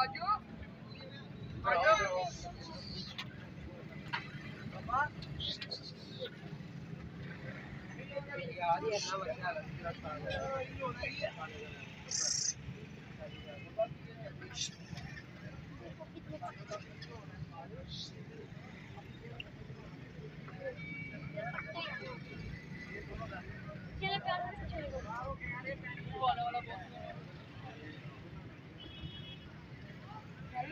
Yeah, I'm not going to do that.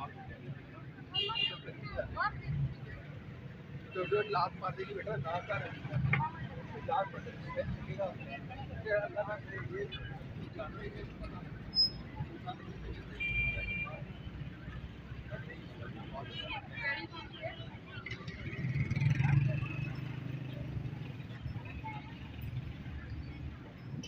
तो जो लात मार देगी बेटा लात का लात पर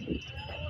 Thank you.